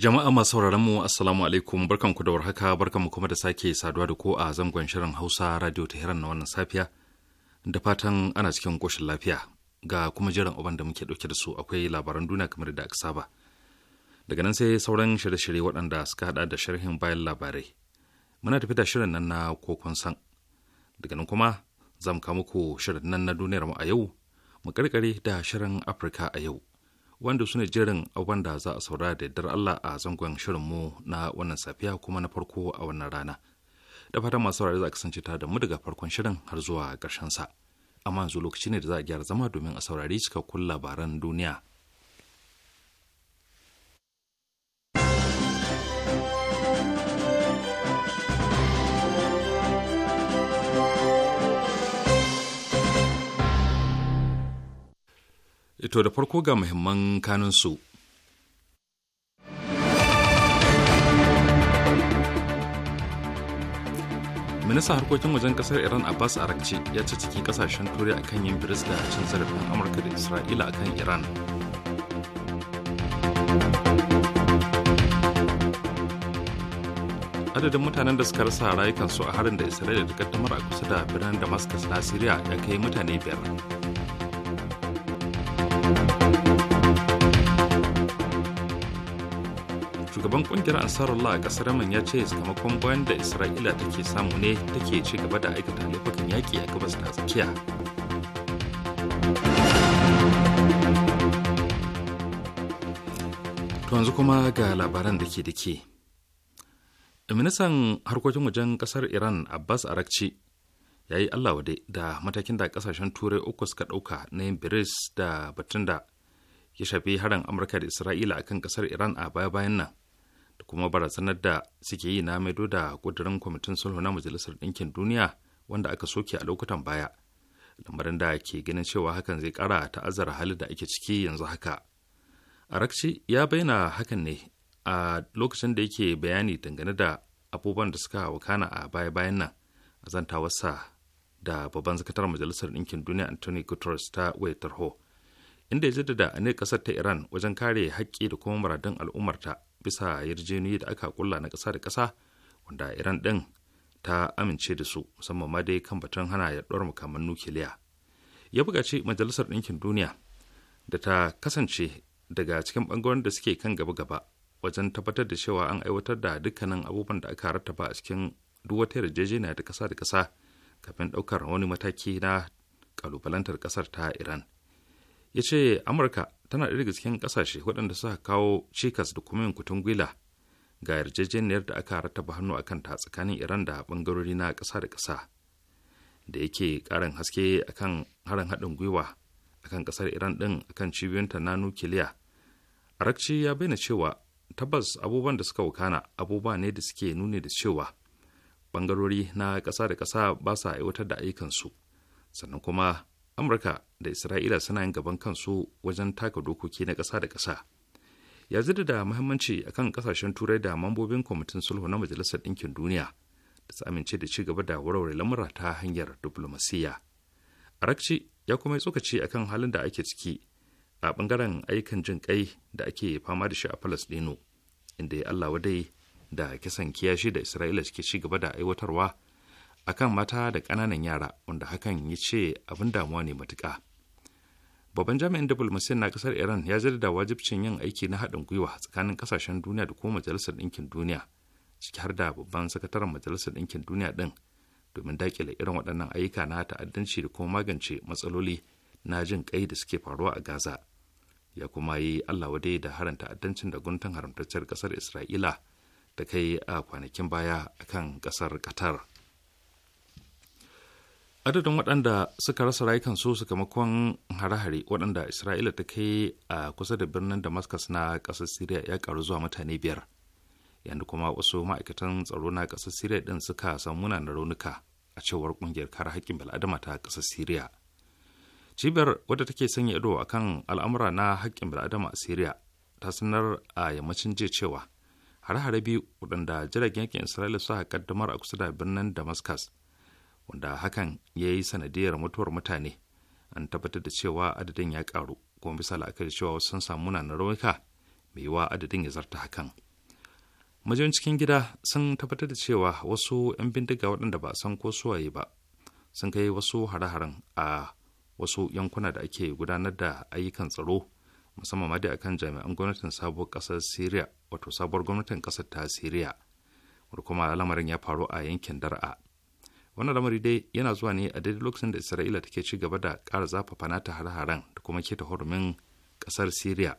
Jama'a masu sauraron mu Assalamu alaikum barkanku da warhaka barkanmu kuma da sake saduwa da ko a zangon shirin Hausa Radio Tehran na wannan safiya da fatan ana cikin koshin lafiya ga kuma jiran uban da muke dauke da su akwai labaran duniya kamar da aka saba. Daga nan sai sauran shirye-shirye waɗanda suka hada da sharhin bayan labarai. Muna tafi da shirin nan na kokon san. Daga nan kuma za mu kawo muku shirin nan na duniyar mu a yau mu karkare da shirin Afirka a yau. wanda su ne jerin abin da za a saurara da dar Allah a zangon mu na wannan safiya kuma na farko a wannan rana. Da fatan masu saurari za a kasance ta da mu daga farkon shirin har zuwa ƙarshen sa. Amma yanzu lokaci ne da za a gyara zama domin a saurari cikakkun labaran duniya. Ito eh, da farko ga muhimman kanunsu. Ministan harkokin wajen kasar Iran Abbas Arakci ya ci ciki kasashen turai akan yin biris da cin zarafin Amurka da Isra'ila akan Iran. adadin mutanen da suka rasa rayukansu a harin da isra'ila ta kaddamar a kusa da birnin damascus na syria ya kai mutane biyar shugaban kungiyar Allah a kasar Yemen ya ce sakamakon bayan da isra'ila take samu ne take ci gaba da aikata laifukan yaƙi a gabas da tsakiya to yanzu kuma ga labaran da ke dake. ministan harkokin wajen kasar iran abbas arakci ya yi allah wade da matakin da kasashen turai uku suka ɗauka na yin biris da batun da ya shafi harin amurka da isra'ila akan kasar iran a baya-bayan nan da kuma barazanar da suke yi na maido da kudurin kwamitin sulhu na majalisar ɗinkin duniya wanda aka soke a lokutan baya lamarin da ke ganin cewa hakan zai ta ta'azzara halin da ake ciki yanzu haka arakci ya bayyana hakan ne a lokacin da yake bayani dangane da abubuwan da suka wakana a baya-bayan nan a zantawarsa da babban zakatar majalisar ɗinkin duniya anthony guterres ta wayar inda ya jaddada a ne ƙasar ta iran wajen kare haƙƙi da kuma muradun al'ummarta bisa yarjejeniyar da aka kulla na ƙasa da kasa wanda iran ɗin ta amince da su musamman ma dai kan batun hana yaɗuwar makaman nukiliya ya buƙaci majalisar ɗinkin duniya da ta kasance daga cikin ɓangaren da suke kan gaba-gaba wajen tabbatar da cewa an aiwatar da dukkanin abubuwan da aka rattaba a cikin duk wata yarjejeniya da ƙasa da kasa kafin ɗaukar wani mataki na kalubalantar ƙasar ta iran ya ce amurka tana ɗaya daga cikin ƙasashe waɗanda suka kawo cikas da kuma yankutun gwila ga yarjejeniyar da aka rattaba hannu a kanta tsakanin iran da ɓangarori na ƙasa da ƙasa da yake ƙarin haske akan harin haɗin gwiwa akan ƙasar iran ɗin akan cibiyunta na nukiliya arakci ya bayyana cewa tabbas abubuwan da suka wakana abubuwa ne da suke nuni da cewa ɓangarori na ƙasa da ƙasa ba sa aiwatar da ayyukansu sannan kuma amurka da isra'ila suna yin gaban kansu wajen taka dokoki na ƙasa da ƙasa ya zida da muhimmanci akan ƙasashen turai da mambobin kwamitin sulhu na majalisar ɗinkin duniya da su amince da ci gaba da warware lamura ta hanyar diflomasiyya arakci ya kuma yi tsokaci akan halin da ake ciki a ɓangaren aikan jin kai da ake fama da shi a palestino inda ya allah wadai da kisan kiyashi da isra'ila suke ci gaba da aiwatarwa akan mata da ƙananan yara wanda hakan ya ce abin damuwa ne matuƙa. Babban jami'in diplomasiyyar na ƙasar Iran ya jaddada wajibcin yin aiki na haɗin gwiwa tsakanin ƙasashen duniya da kuma Majalisar Ɗinkin Duniya, ciki har da babban sakataren Majalisar Ɗinkin Duniya ɗin domin daƙile irin waɗannan ayyuka na ta'addanci da kuma magance matsaloli na jin ƙai da suke faruwa a Gaza. Ya kuma yi Allah wadai da harin ta'addancin da guntun haramtacciyar ƙasar Isra'ila da kai a kwanakin baya akan ƙasar Qatar. adadin waɗanda suka rasa rayukansu sakamakon hare-hare waɗanda isra'ila ta kai a kusa da birnin damascus na ƙasar syria ya ƙaru zuwa mutane biyar yadda kuma wasu ma'aikatan tsaro na ƙasar syria ɗin suka samu munanan raunuka a cewar ƙungiyar kare haƙƙin bil'adama ta ƙasar syria cibiyar wadda take sanya ido a kan al'amura na haƙƙin bil'adama a syria ta sanar a yammacin jiya cewa hare-hare biyu waɗanda jiragen yankin isra'ila suka kaddamar a kusa da birnin damascus wanda hakan ya yi sanadiyar mutuwar mutane an tabbatar da cewa adadin ya karu kuma bisa la'akari cewa wasu sun samu munanan raunuka mai yiwuwa adadin ya zarta hakan majiyoyin cikin gida sun tabbatar da cewa wasu 'yan bindiga waɗanda ba san ko suwaye ba sun kai wasu hare-haren a wasu yankuna da ake gudanar da ayyukan tsaro musamman ma da akan jami'an gwamnatin sabuwar ƙasar syria wato sabuwar gwamnatin ƙasar ta syria kuma lamarin ya faru a yankin dar'a wannan lamari dai yana zuwa ne a daidai lokacin da isra'ila take ci gaba da ƙara zafafa ta har-haren da kuma keta hurumin ƙasar syria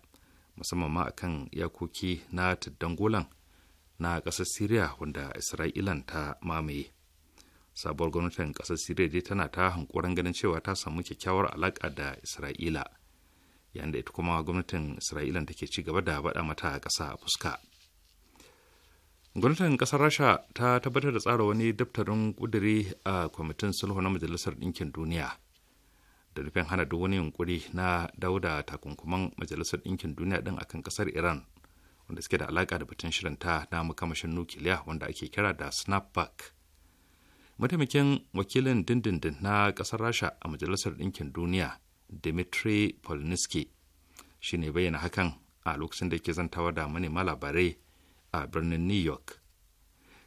musamman ma akan iyakoki na tuddan golan na ƙasar syria wanda isra'ilan ta mamaye sabuwar gwamnatin ƙasar syria dai tana ta hankoran ganin cewa ta samu kyakkyawar alaƙa da isra'ila yayin da ita kuma gwamnatin isra'ilan take ci gaba da baɗa mata ƙasa a fuska gwamnatin kasar rasha ta tabbatar da tsara wani daftarin kuduri a kwamitin sulhu na majalisar ɗinkin duniya da nufin hana duk wani yunkuri na dawo da takunkuman majalisar ɗinkin duniya din akan kasar iran wanda suke da alaka da batun shirin ta na makamashin nukiliya wanda ake kira da snapback mataimakin wakilin dindindin na kasar rasha a majalisar ɗinkin duniya dimitri polinski shine bayyana hakan a lokacin da ke zantawa da manema labarai a birnin new york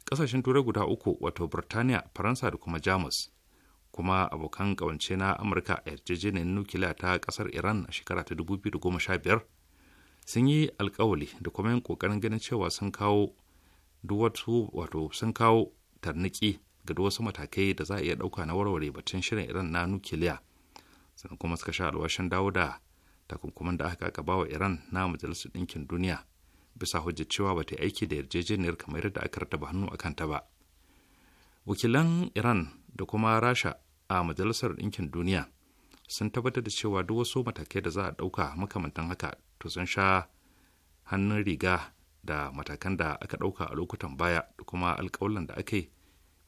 ƙasashen turai guda uku wato birtaniya faransa da kuma jamus kuma abokan ƙawance na amurka a yarjejeniyar nukiliya ta ƙasar iran a shekara ta 2015 sun yi alkawali da kuma yin ƙoƙarin ganin cewa sun kawo duwatsu wato sun kawo tarniki ga wasu matakai da za a iya ɗauka na warware batun shirin iran na nukiliya sannan kuma suka sha alwashin dawo da takunkuman da aka gaba wa iran na majalisar ɗinkin duniya bisa hujjar cewa ba ta aiki da yarjejeniyar kamar yadda aka rataba hannu a kanta ba wakilan iran da kuma rasha a majalisar ɗinkin duniya sun tabbatar da cewa duk wasu matakai da za a ɗauka makamantan haka to sun sha hannun riga da matakan da aka ɗauka a lokutan baya da kuma alƙawallan da aka yi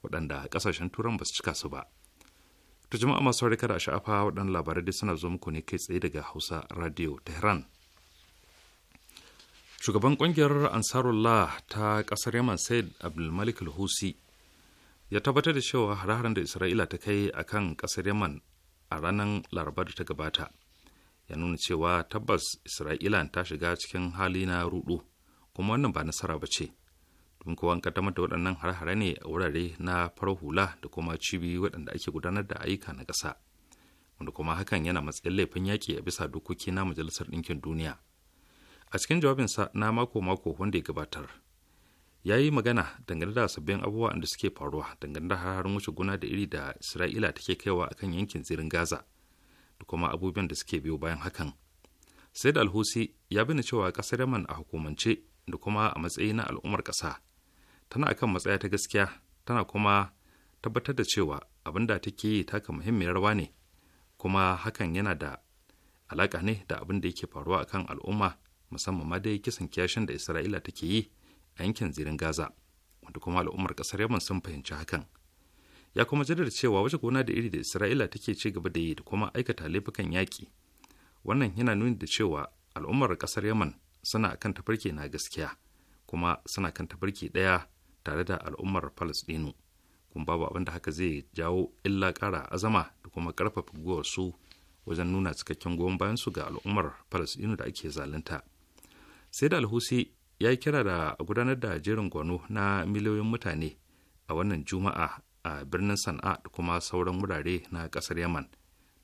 waɗanda ƙasashen turan ba su cika su ba to jama'a masu kada a sha'afa waɗannan labarai suna zo muku ne kai tsaye daga hausa radio tehran shugaban kungiyar ansarullah ta kasar yaman said abdulmalik al-husi ya tabbatar da cewa hare da isra'ila ta kai a kan kasar yaman a ranar laraba da ta gabata ya nuna cewa tabbas isra'ila ta shiga cikin hali na rudu kuma wannan ba nasara ba ce don kuwa an kaddamar da waɗannan hare ne a wurare na farar hula da kuma cibi waɗanda ake gudanar da ayyuka na ƙasa wanda kuma hakan yana matsayin laifin yaƙi a bisa dokoki na majalisar ɗinkin duniya a cikin jawabinsa na mako-mako wanda ya gabatar ya yi magana dangane da sabbin abubuwa da suke faruwa dangane da harin wuce gona da iri da isra'ila take kaiwa akan yankin tsirin gaza da kuma abubuwan da suke biyo bayan hakan sai da alhusi ya bina cewa kasar yaman a hukumance da kuma a matsayi na al'ummar kasa tana akan matsaya ta gaskiya tana kuma tabbatar da cewa abin da take yi taka muhimmiyar rawa ne kuma hakan yana da alaka ne da abin da yake faruwa akan al'umma musamman ma dai kisan kiyashin da isra'ila take yi a yankin zirin gaza wanda kuma al'ummar kasar yaman sun fahimci hakan ya kuma jaddada cewa wace gona da iri da isra'ila take ci gaba da yi da kuma aikata laifukan yaƙi wannan yana nuni da cewa al'ummar kasar yaman suna kan tafarki na gaskiya kuma suna kan tafarki ɗaya tare da al'ummar palestinu kuma babu abin da haka zai jawo illa ƙara azama da kuma ƙarfafa guwarsu wajen nuna cikakken goyon bayan su ga al'ummar palestinu da ake zalunta sai da alhusi ya yi kira da gudanar da jerin gwano na miliyoyin mutane a wannan juma'a a birnin sana'a da kuma sauran wurare na kasar yaman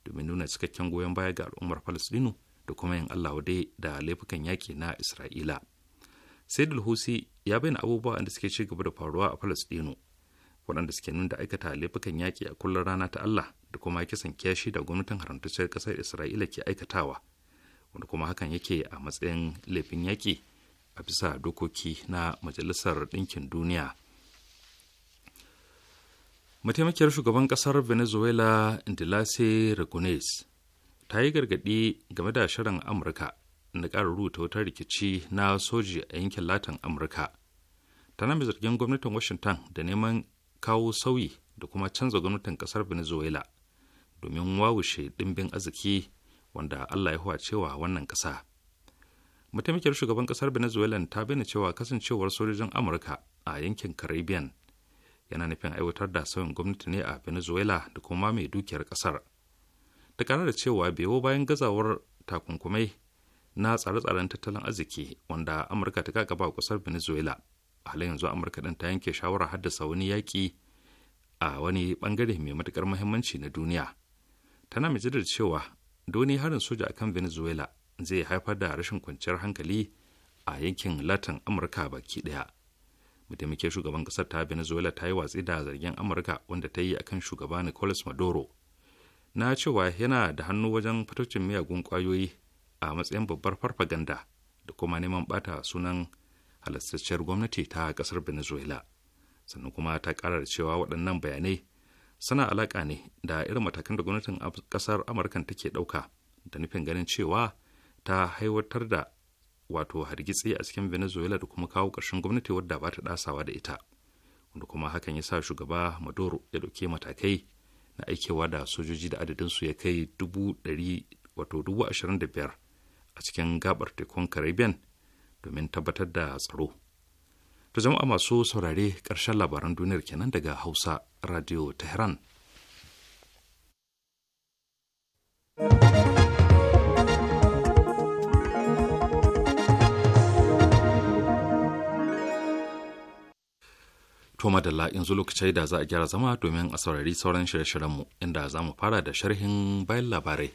domin nuna cikakken goyon baya ga al'ummar falastinu da kuma yin allah da laifukan yaƙi na isra'ila sai da alhusi ya bayyana abubuwa da suke ci gaba da faruwa a falastinu waɗanda suke nuna da aikata laifukan yaƙi a kullum rana ta allah da kuma kisan kyashi da gwamnatin haramtacciyar ƙasar isra'ila ke aikatawa wanda kuma hakan yake a matsayin laifin yaƙi a bisa dokoki na majalisar ɗinkin duniya mataimakiyar shugaban ƙasar venezuela indilase regunes ta yi gargaɗi game da shirin amurka na ƙara rubuta wata rikici na soji a yankin latin amurka tana mai zargin gwamnatin washington da neman kawo sauyi da kuma canza gwamnatin ƙasar venezuela domin wawushe ɗimbin arziki wanda Allah ya huwa cewa wannan ƙasa. Mataimakiyar shugaban ƙasar Venezuela ta bayyana cewa kasancewar sojojin Amurka a yankin Caribbean yana nufin aiwatar da sauyin gwamnati ne a Venezuela da kuma mai dukiyar ƙasar. Ta ƙara da cewa biyo bayan gazawar takunkumai na tsare-tsaren tattalin arziki wanda Amurka ta gaba ƙasar Venezuela. halin yanzu Amurka ɗin ta yanke shawara haddasa wani yaƙi a wani ɓangare mai matuƙar muhimmanci na duniya tana mai da cewa doni harin soja akan venezuela zai haifar da rashin kwanciyar hankali a yankin latin amurka baki daya mataimakin shugaban kasar ta venezuela ta yi watsi da zargin amurka wanda ta yi akan shugaba nicolas maduro na cewa yana da hannu wajen fitocin miyagun kwayoyi a matsayin babbar farfaganda da kuma neman bata sunan halastacciyar gwamnati ta kasar venezuela sannan kuma ta kara cewa waɗannan bayanai sana alaƙa ne da irin matakan da gwamnatin ƙasar amurkan take ɗauka da nufin ganin cewa ta haiwatar da wato hargitsi a cikin venezuela da kuma kawo ƙarshen gwamnati wadda ba ta ɗasawa da ita wanda kuma hakan ya sa shugaba maduro ya ɗauke matakai na aikewa da sojoji da adadinsu ya kai dubu ɗari wato dubu ashirin da biyar a cikin gabar tekun caribbean domin tabbatar da tsaro To jama'a masu saurare ƙarshen labaran duniyar kenan daga Hausa Radio Tehran. To madalla yanzu lokacin da za a gyara zama domin a saurari sauran shirye-shiryenmu inda za mu fara da sharhin bayan labarai.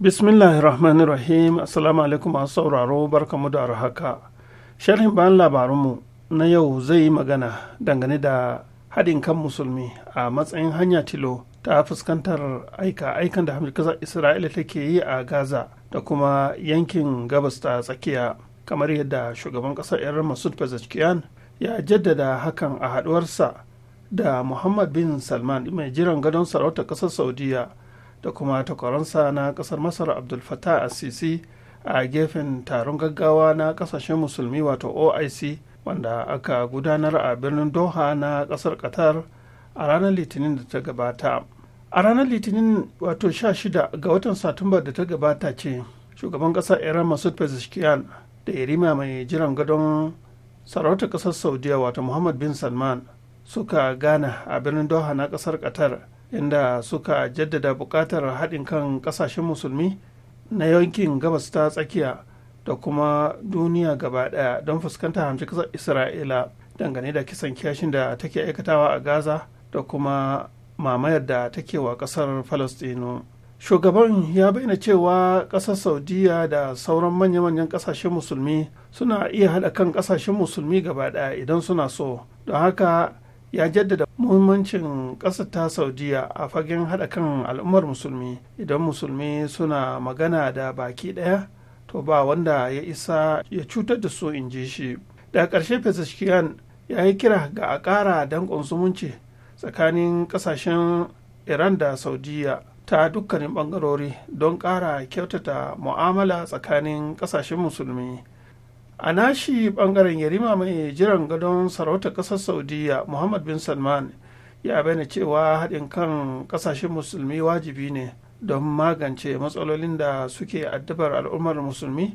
Bismillahirrahmanirrahim Assalamu alaikum masu sauraro barkamu da haka. Sharhin bayan labarunmu na yau zai yi magana dangane da haɗin kan musulmi a matsayin hanya tilo ta fuskantar aika-aikan da hamdukasar Isra'ila take yi a Gaza da kuma yankin gabas ta tsakiya kamar yadda shugaban ƙasar Iran Masud Pezeshkian ya jaddada hakan a haɗuwarsa da Muhammad bin Salman mai jiran gadon sarauta ƙasar Saudiya. da kuma takwaransa na kasar masar abdul fattah assisi a gefen taron gaggawa na kasashen musulmi wato oic wanda aka gudanar a birnin doha na kasar qatar a ranar litinin da ta gabata a ranar litinin wato 16 ga watan satumba da ta gabata ce shugaban kasar iran masud pezeshkian da irima mai jiran gadon sarautar kasar saudiya wato muhammad bin salman suka gana a birnin doha na kasar qatar inda suka jaddada buƙatar haɗin kan ƙasashen musulmi na yankin gabas ta tsakiya da kuma duniya gaba ɗaya don fuskantar hamshi ƙasar isra'ila dangane da kisan kiyashin da take aikatawa a gaza da kuma mamayar da take wa ƙasar falastinu shugaban ya bayyana cewa ƙasar saudiya da sauran manya-manyan ƙasashen musulmi suna iya haɗa kan ƙasashen musulmi gaba ɗaya idan suna so don haka ya jaddada muhimmancin ƙasar ta saudiya a fagen haɗa kan al'ummar musulmi idan musulmi suna magana da baki ɗaya to ba wanda ya isa ya cutar da su in ji shi da ƙarshe pezeshkian ya yi kira ga a ƙara danƙon zumunci tsakanin ƙasashen iran da saudiya ta dukkanin ɓangarori don ƙara kyautata mu'amala tsakanin ƙasashen musulmi a nashi bangaren yarima mai jiran gadon sarauta kasar saudiya muhammad bin salman ya bayyana cewa haɗin kan ƙasashen musulmi wajibi ne don magance matsalolin da suke addabar al'ummar musulmi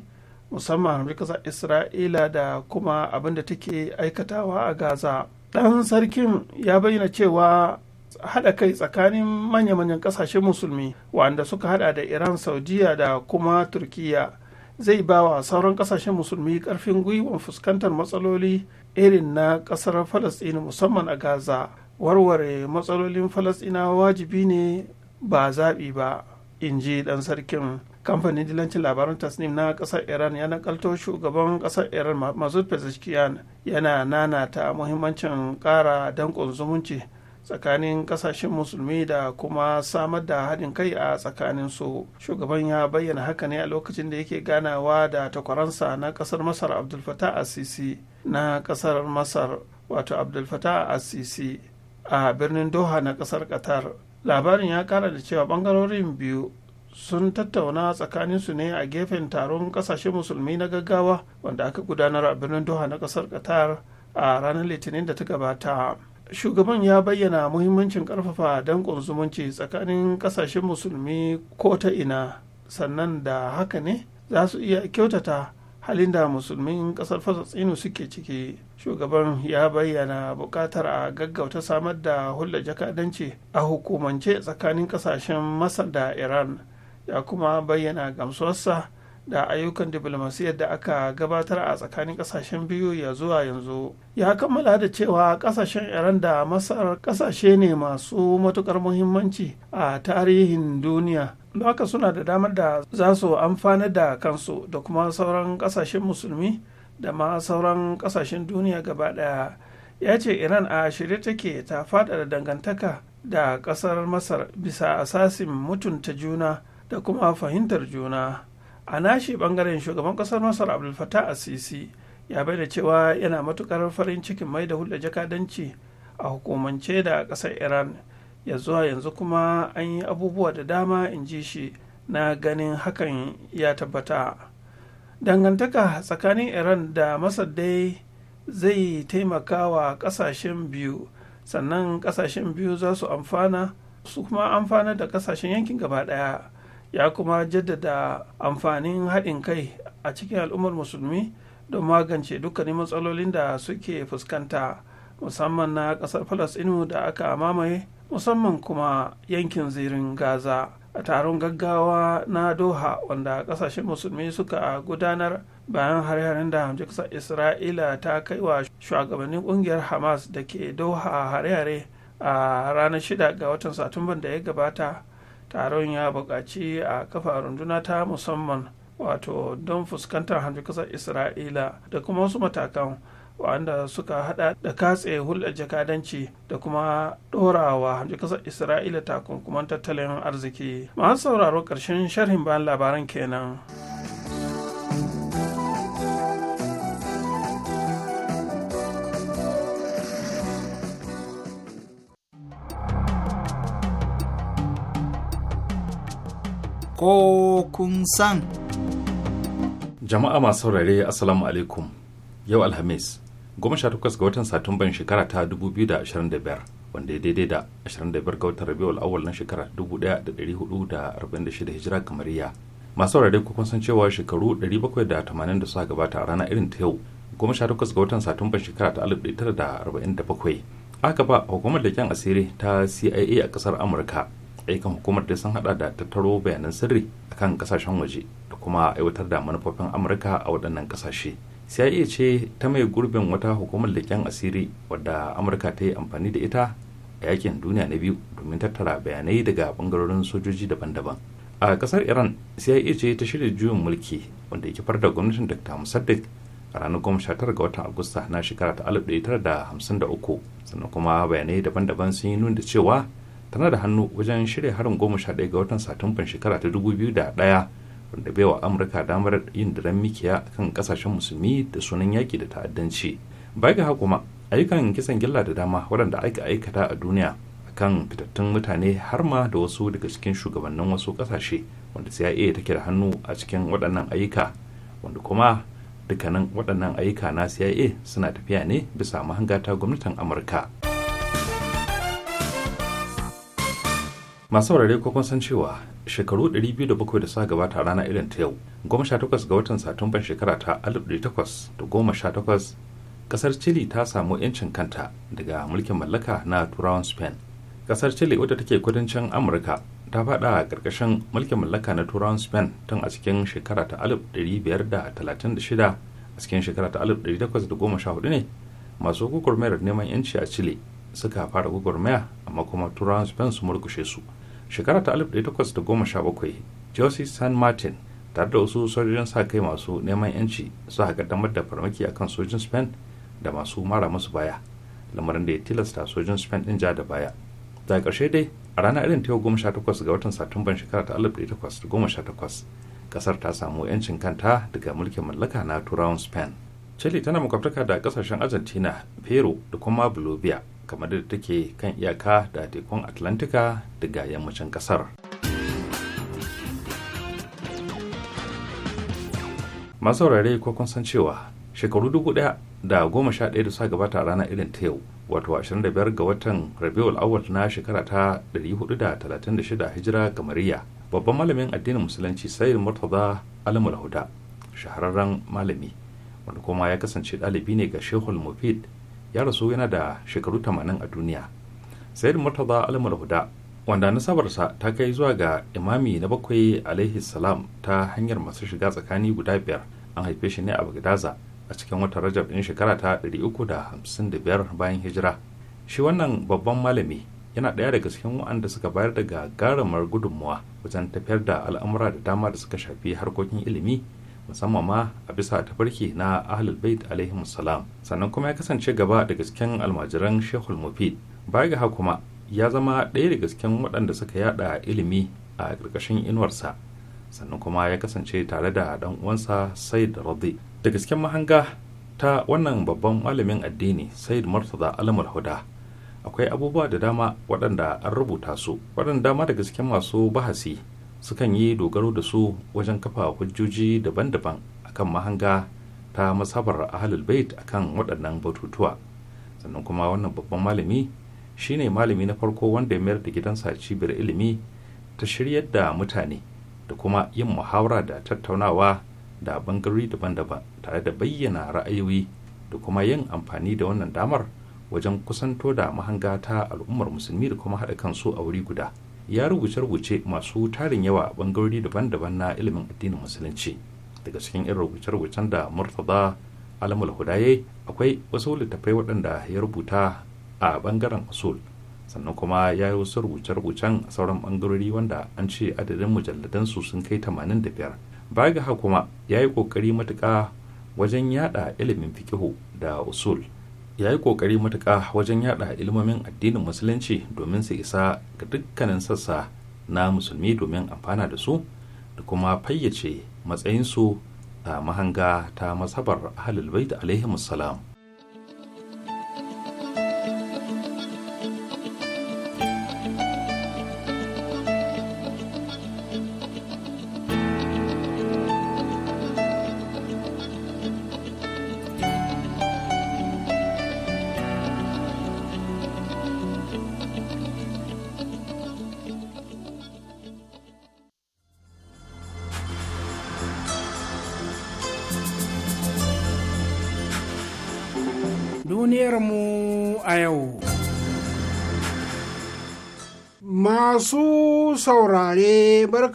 musamman amurkasar isra'ila da kuma abin da take aikatawa a gaza ɗan sarkin ya bayyana cewa haɗa kai tsakanin manya-manyan ƙasashen musulmi wanda suka haɗa da iran saudiya da kuma Turkiyya. zai ba wa sauran kasashen musulmi karfin gwiwa fuskantar matsaloli irin na kasar falasɗin musamman a gaza warware matsalolin falasɗina wajibi ne ba zaɓi ba in ji ɗan sarkin kamfanin dilancin labaran tasnim na ƙasar iran ya nakalto shugaban ƙasar iran mazud pezeshkian yana nanata muhimmancin ƙara danƙon zumunci tsakanin kasashen musulmi da kuma samar da haɗin kai a tsakanin su shugaban ya bayyana haka ne a lokacin da yake ganawa da takwaransa na kasar masar abdul fatah na kasar masar wato abdul fatah a birnin doha na kasar qatar labarin ya kara da cewa bangarorin biyu sun tattauna tsakaninsu ne a gefen taron kasashen musulmi na gaggawa wanda aka gudanar a birnin doha na kasar qatar a ranar litinin da ta gabata shugaban ya bayyana muhimmancin karfafa dankon zumunci tsakanin kasashen musulmi ko ta ina sannan da haka ne za su iya kyautata halin da musulmin kasar fasatsinu suke ciki shugaban ya bayyana bukatar a gaggauta samar da hulla jakadanci a hukumance tsakanin kasashen masar da iran ya kuma bayyana gamsuwarsa da ayyukan diflomasiyyar da aka gabatar a tsakanin kasashen biyu ya zuwa yanzu ya kammala da cewa kasashen iran da masar kasashe ne masu matukar muhimmanci a tarihin duniya don haka suna da damar da za su amfana da kansu da kuma sauran kasashen musulmi da ma sauran kasashen duniya gaba daya ya ce iran a shirye take ta faɗaɗa dangantaka da kasar masar bisa asasin mutunta juna da kuma fahimtar juna a nashi bangaren shugaban kasar masar abdul a asisi ya da cewa yana matukar farin cikin mai da hulɗa jakadanci a hukumance da ƙasar iran ya zuwa yanzu kuma an yi abubuwa da dama in ji shi na ganin hakan ya tabbata dangantaka tsakanin iran da masar dai zai taimaka wa ƙasashen biyu sannan ƙasashen biyu za su amfana su kuma amfana da ƙasashen yankin gaba ɗaya ya kuma jaddada amfanin haɗin kai a cikin al'ummar musulmi don magance dukkanin matsalolin da suke fuskanta musamman na ƙasar inu da aka mamaye musamman kuma yankin zirin gaza a taron gaggawa na doha wanda ƙasashen musulmi suka gudanar bayan hare-haren da hamjiksa isra'ila ta kai wa shugabannin ƙungiyar hamas da ke doha hare-hare a ranar shida ga watan satumban da ya gabata taron ya buƙaci a kafa runduna ta musamman wato don fuskantar hanfi kasar isra'ila da kuma wasu matakan wanda suka hada da katse hulɗar jakadanci da kuma ɗorawa hamji kasar isra'ila takunkuman tattalin arziki masu sauraro ƙarshen sharhin bayan labaran kenan. ko kun san. Jama'a masu saurare Assalamu alaikum yau Alhamis goma sha takwas ga watan Satumban shekara ta 2025 wanda ya daidai da 25 ga watan Rabiul Awwal na shekara 1446 Hijira kamariya. Masu saurare ku kun san cewa shekaru 780 da suka gabata a rana irin ta yau goma sha takwas ga watan Satumban shekara ta 1947 aka ba hukumar leken asiri ta CIA a kasar Amurka ayyukan hukumar dai sun hada da tattaro bayanan sirri akan kasashen waje da kuma aiwatar da manufofin amurka a waɗannan kasashe cia ce ta mai gurbin wata hukumar leƙen asiri wadda amurka ta yi amfani da ita a yakin duniya na biyu domin tattara bayanai daga bangarorin sojoji daban-daban a kasar iran cia ce ta shirya juyin mulki wanda ya kifar da gwamnatin dr musaddiq a ranar goma tara ga watan agusta na shekara ta alif da tara da hamsin da uku sannan kuma bayanai daban-daban sun yi nuni da cewa tana da hannu wajen shirya harin goma sha ɗaya ga watan satumban shekara ta dubu biyu da ɗaya wanda bai wa amurka damar yin daren mikiya kan kasashen musulmi da sunan yaƙi da ta'addanci bai ga hakuma ayyukan kisan gilla da dama waɗanda aka aikata a duniya akan fitattun mutane har ma da wasu daga cikin shugabannin wasu kasashe wanda CIA take da hannu a cikin waɗannan ayyuka wanda kuma dukkanin waɗannan ayyuka na CIA suna tafiya ne bisa mahanga ta gwamnatin Amurka. masu saurare ko san cewa shekaru 207 da sa gabata rana irin ta yau 18 ga watan satumban shekara ta 1818 kasar chile ta samu 'yancin kanta daga mulkin mallaka na turawan spain kasar chile wadda take kudancin amurka ta fada a ƙarƙashin mulkin mallaka na turawan spain tun a cikin shekara ta 1536 a cikin shekara ta 1814 ne masu gwagwarmayar neman 'yanci a chile suka fara gwagwarmaya amma kuma turawan spain su murkushe su shekara ta 1817 jose san martin tare da wasu sojojin sa kai masu neman yanci su haka damar da farmaki kan sojin spain da masu mara musu baya lamarin da ya tilasta sojin spain din ja da baya daga ƙarshe dai a ranar irin ta goma sha takwas ga watan satumban shekara ta alif ɗaya takwas da goma sha takwas ƙasar ta samu yancin kanta daga mulkin mallaka na turawan spain chile tana makwabtaka da kasashen argentina peru da kuma bolivia kamar da take kan iyaka da tekun atlantika daga yammacin kasar masu saurare ko kun san cewa shekaru dubu daya da goma sha daya da sa gabata a rana irin ta yau wato 25 ga watan rabiul awal na shekara ta 436 hijira kamariya babban malamin addinin musulunci sayyid murtaza alamul huda shahararren malami wanda kuma ya kasance dalibi ne ga shehul mufid ya rasu yana da shekaru 80 a duniya sayyid murtaza Alamar huda wanda nasabarsa ta kai zuwa ga imami na bakwai alaihi salam ta hanyar masu shiga tsakani guda biyar an haife shi ne a bagdaza a cikin watan rajab din shekara ta 355 bayan hijira shi wannan babban malami yana ɗaya daga cikin waɗanda suka bayar daga garamar gudunmuwa wajen tafiyar da al'amura da dama da suka shafi harkokin ilimi musamman ma a bisa tafarki na ahlul bait alaihim salam sannan kuma ya kasance gaba daga cikin almajiran shehul mufid baya ga kuma ya zama ɗaya da cikin waɗanda suka yada ilimi a ƙarƙashin inuwarsa sannan kuma ya kasance tare da ɗan uwansa said radi da cikin mahanga ta wannan babban malamin addini said murtaza alamul huda akwai abubuwa da dama waɗanda an rubuta su waɗanda dama da cikin masu bahasi sukan yi dogaro da su wajen kafa hujjoji daban-daban akan mahanga ta masabar ahalul bait akan waɗannan batutuwa sannan kuma wannan babban malami shine malami na farko wanda ya mayar da gidansa cibiyar ilimi ta shiryar da mutane da kuma yin muhawara da tattaunawa da bangarori daban-daban tare da bayyana ra'ayoyi da kuma yin amfani da wannan damar wajen kusanto da mahanga ta al'ummar musulmi da kuma haɗa kansu a wuri guda. ya rubuce rubuce masu tarin yawa bangarori daban-daban na ilimin addinin musulunci daga cikin irin rubuce-rubucen da murtaza alamul hudaye akwai wasu littattafai waɗanda ya rubuta a bangaren usul sannan kuma ya yi wasu rubuce-rubucen sauran bangarori wanda an ce adadin mujalladansu sun kai tamanin 85 baya ga kuma ya yi ƙoƙari matuƙa wajen yada ilimin fikihu da usul ya yi ƙoƙari matuƙa wajen yada ilimomin addinin musulunci domin su isa ga dukkanin sassa na musulmi domin amfana da su da kuma fayyace matsayinsu a mahanga ta masabar ahlul bait alaihi salam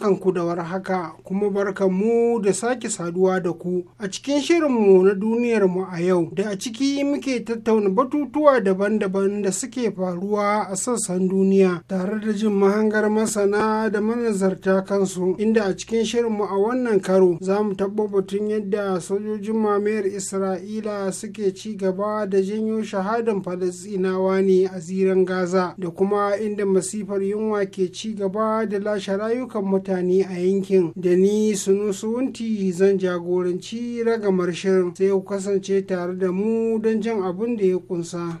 barkanku da haka kuma mu da sake saduwa da ku a cikin shirinmu na duniyarmu a yau da a ciki muke tattauna batutuwa daban-daban da suke faruwa a sassan duniya tare da jin mahangar masana da manazarta kansu inda a cikin shirinmu a wannan karo za mu taɓa batun yadda sojojin mamayar isra'ila suke ci gaba da janyo shahadan falastinawa ne a ziran gaza da kuma inda masifar yunwa ke ci gaba da lashe rayukan mutane mutane a yankin da ni sunusuwunti zan jagoranci ragamar shirin sai ku kasance tare da mu don jin abin da ya kunsa.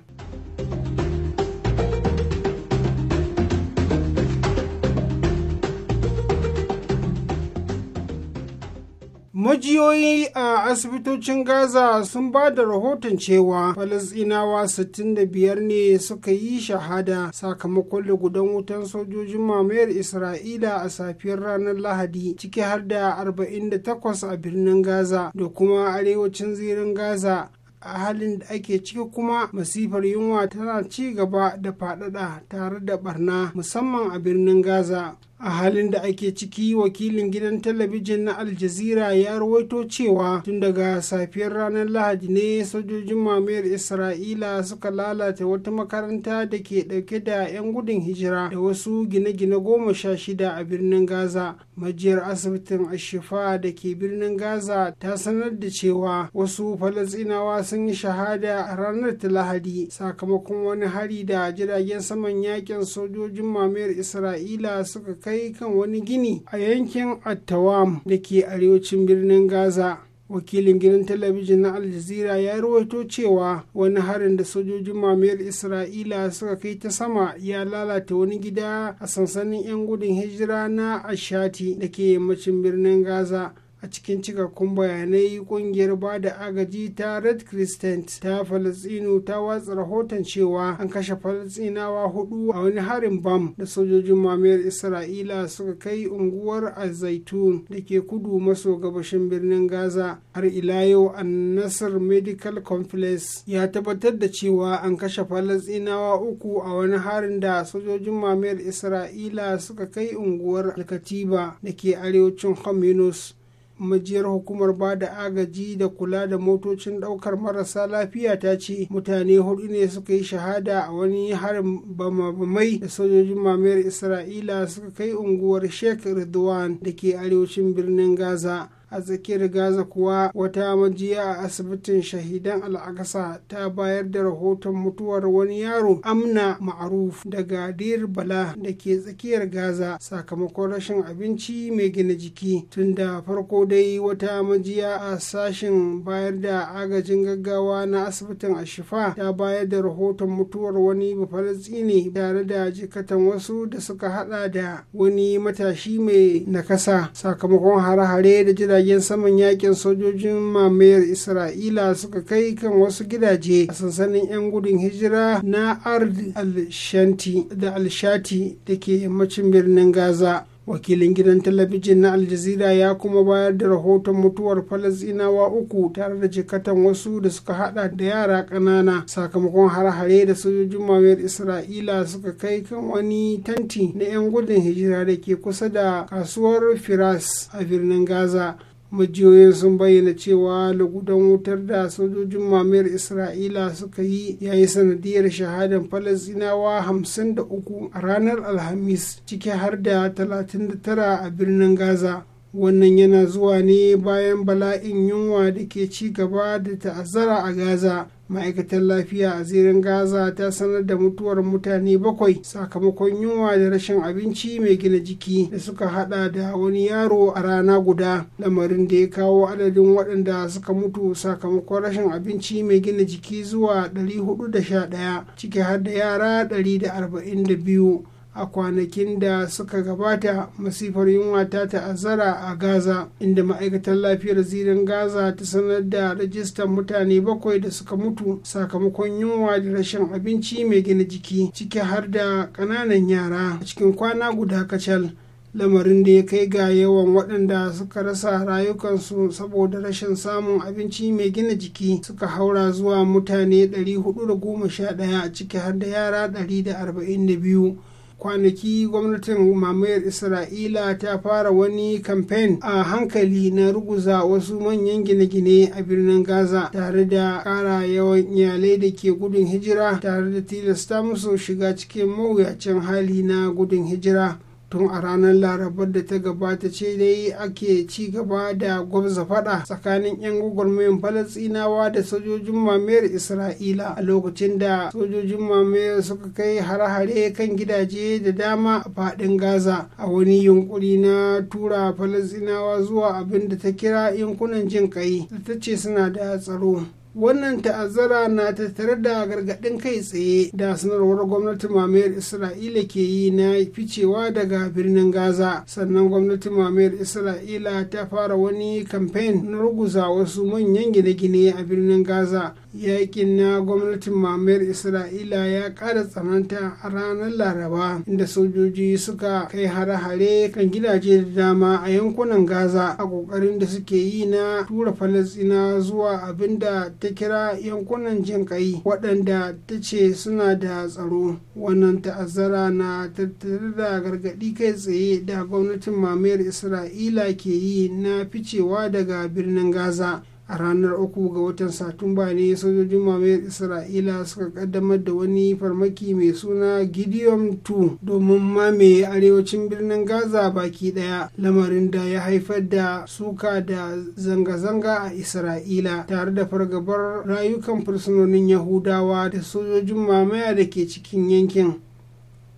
majiyoyi a asibitocin gaza sun ba da rahoton cewa falasinawa 65 ne suka yi shahada sakamakon da gudan wutan sojojin mamayar isra'ila a safiyar ranar lahadi ciki har da 48 a birnin gaza da kuma arewacin zirin gaza a halin da ake ciki kuma masifar yunwa tana ci gaba da faɗaɗa tare da barna musamman a birnin gaza a halin da ake ciki wakilin gidan talabijin na aljazira ya rawaito cewa tun daga safiyar ranar lahadi ne sojojin mamayar isra'ila suka lalata wata makaranta da ke dauke da 'yan gudun hijira da wasu gine-gine goma sha shida a birnin gaza majiyar asibitin ashifa da ke birnin gaza ta sanar da cewa wasu falasinawa sun yi shahada a ranar lahadi sakamakon wani hari da jiragen saman yakin sojojin mamayar isra'ila suka kai kai kan wani gini a yankin attawam da ke arewacin birnin gaza wakilin gidan talabijin na aljazira ya rawaito cewa wani harin da sojojin mamayar isra'ila suka kai ta sama ya lalata wani gida a sansanin 'yan gudun hijira na ashati da ke yammacin birnin gaza a cikin cikakkun bayanai kungiyar ba da agaji ta red crescent ta falasinu ta watsa rahoton cewa an kashe falasinawa hudu a wani harin bam da sojojin mamayar isra'ila suka kai unguwar azaitun da ke kudu maso gabashin birnin gaza har ila yau an nasar medical complex ya tabbatar da cewa an kashe falasinawa uku a wani harin da sojojin mamayar isra'ila suka kai unguwar alkatiba da ke arewacin hominus majiyar hukumar ba da agaji da kula da motocin daukar marasa lafiya ta ce mutane hudu ne suka yi shahada a wani harin bamamai da sojojin mamayar isra'ila suka kai unguwar sheikh ridwan da ke arewacin birnin gaza a tsakiyar gaza kuwa wata majiya a asibitin shahidan al'aqsa ta bayar da rahoton mutuwar wani yaro amna ma'aruf daga dir bala da ke tsakiyar gaza sakamakon rashin abinci mai gina jiki tun da farko dai wata majiya a sashen bayar da agajin gaggawa na asibitin ashifa ta bayar da rahoton mutuwar wani bafalatsini tare da jikatan wasu da suka hada da wani matashi mai nakasa sakamakon hare-hare da jiragen jiragen saman yakin sojojin mamayar isra'ila suka kai kan wasu gidaje a sansanin 'yan gudun hijira na ard al-shanti da al-shati da ke yammacin birnin gaza wakilin gidan talabijin na aljazira ya kuma bayar da rahoton mutuwar falasinawa uku tare da jikatan wasu da suka hada da yara kanana sakamakon har-hare da sojojin mamayar isra'ila suka kai kan wani tanti na 'yan gudun hijira da ke kusa da kasuwar firas a birnin gaza majiyoyin sun bayyana cewa lagudan wutar da sojojin mamayar isra'ila suka yi ya yi sanadiyar shahadan falasinawa 53 a ranar alhamis ciki har da 39 a birnin gaza wannan yana zuwa ne bayan bala'in yunwa da ke ci gaba da ta'azzara a gaza ma'aikatar lafiya a zirin gaza ta sanar da mutuwar mutane bakwai sakamakon yunwa da rashin abinci mai gina jiki da suka hada da wani yaro a rana guda lamarin da ya kawo adadin waɗanda suka mutu sakamakon rashin abinci mai gina jiki zuwa 411 ciki har da yara 142 a kwanakin da suka gabata masifar yunwa ta ta'azzara a gaza inda ma'aikatar lafiyar zirin gaza ta sanar da rajistan mutane bakwai da suka mutu sakamakon yunwa da rashin abinci mai gina jiki ciki har da ƙananan yara A cikin kwana guda kacal lamarin da ya kai ga yawan waɗanda suka rasa rayukansu saboda rashin samun abinci mai gina jiki suka haura zuwa mutane 411 ciki har da yara 142 kwanaki gwamnatin mamayar isra'ila ta fara wani kamfen a hankali na ruguza wasu manyan gine-gine a birnin gaza tare da kara yawan iyalai da ke gudun hijira tare da tilasta musu shiga cikin mawuyacin hali na gudun hijira tun a ranar larabar da ta gabata ce dai ake ci gaba da gwabza fada tsakanin 'yan gwagwarmayin falasinawa da sojojin mamayar isra'ila a lokacin da sojojin mamayar suka kai hare-hare kan gidaje da dama a fadin gaza a wani yunkuri na tura falasinawa zuwa abin da ta kira yankunan jin kai da ta ce suna da tsaro wannan ta'azzara na tattare da gargaɗin kai tsaye da sanarwar gwamnatin mamayar isra'ila ke yi na ficewa daga birnin gaza sannan gwamnatin mamayar isra'ila ta fara wani kamfen na ruguza wasu manyan gine-gine a birnin gaza yakin na gwamnatin mamayar isra'ila ya ƙara tsananta a ranar laraba inda sojoji suka kai hare-hare kan gidaje da dama a yankunan gaza a ƙoƙarin da suke yi na tura falasina zuwa abin da ta kira yankunan jin waɗanda ta ce suna da tsaro wannan ta'azzara na tattare da gargaɗi kai tsaye da gwamnatin mamayar isra'ila ke yi na ficewa daga birnin gaza a ranar uku ga watan satumba ne sojojin mamayar isra'ila suka kaddamar da wani farmaki mai suna gideon 2 domin mamaye arewacin birnin gaza baki daya lamarin da ya haifar da suka da zanga-zanga a isra'ila tare da fargabar rayukan fursunonin yahudawa da sojojin mamaya da ke cikin yankin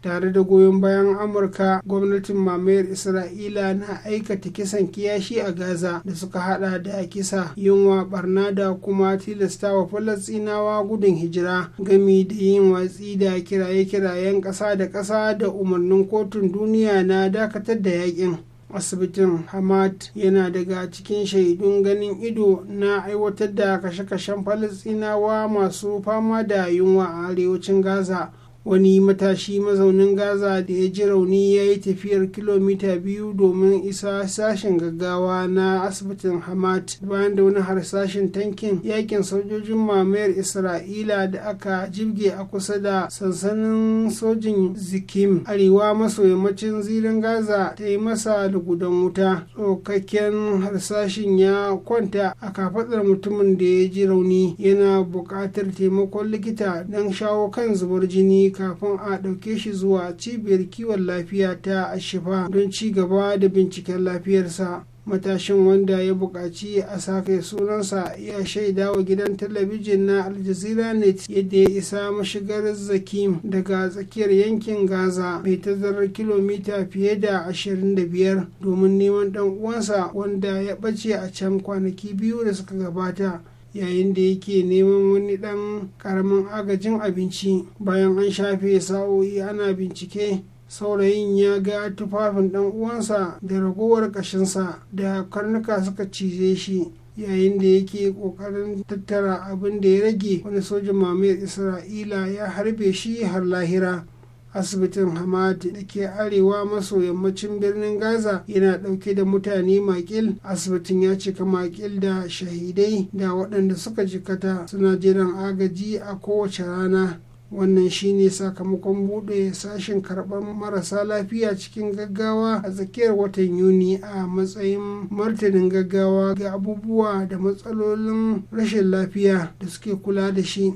tare da goyon bayan amurka gwamnatin mamayar isra'ila na aikata kisan kiyashi a gaza da suka hada da kisa yunwa barna da kuma tilasta wa falastinawa gudun hijira gami da yin watsi da kiraye-kirayen ƙasa da ƙasa da umarnin kotun duniya na dakatar da yakin asibitin hamad yana daga cikin shaidun ganin ido na aiwatar da kashe-kashen falastinawa masu fama da yunwa a arewacin gaza wani matashi mazaunin gaza da ya ji rauni ya yi tafiyar kilomita biyu domin isa sashen gaggawa na asibitin hamat bayan da wani harsashen tankin yakin sojojin mamayar isra'ila da aka jibge a kusa da sansanin sojin zikim arewa maso yammacin zirin gaza ta yi masa da gudan wuta tsokakken harsashin ya kwanta a kafadar mutumin da ya ji rauni yana buƙatar taimakon likita don shawo kan zubar jini kafin a ɗauke shi zuwa cibiyar kiwon lafiya ta ashifa don ci gaba da binciken lafiyarsa matashin wanda ya buƙaci a sake sunansa ya shaida wa gidan talabijin na aljazeera net yadda ya isa mashigar zakim daga tsakiyar yankin gaza mai tazarar kilomita fiye da 25 domin neman ɗan uwansa wanda ya ɓace a can kwanaki biyu da suka gabata yayin da yake neman wani ɗan ƙaramin agajin abinci bayan an shafe sa'o'i ana bincike saurayin ya ga tufafin ɗan uwansa da ragowar ƙashinsa da karnuka suka cije shi yayin da yake ƙoƙarin tattara abin da ya rage wani sojin mamayar isra'ila ya harbe shi har lahira asibitin hamadi da ke arewa maso yammacin birnin gaza yana ɗauke da mutane makil asibitin ya cika makil da shahidai da waɗanda suka jikata suna jiran agaji a kowace rana wannan shine sakamakon bude sashen karɓar marasa lafiya cikin gaggawa a tsakiyar watan yuni a matsayin martanin gaggawa ga abubuwa da matsalolin rashin lafiya da suke kula da shi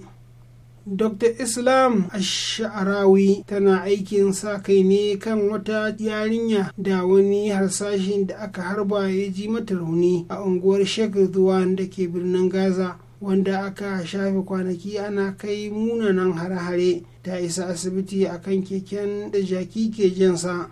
dr islam ash'arawi tana aikin sa kai ne kan wata yarinya da wani harsashin da aka harba ya ji mata rauni a unguwar sheikh zuwa da ke birnin gaza wanda aka shafe kwanaki ana kai munanan hare-hare ta isa asibiti akan keken da jaki ke jansa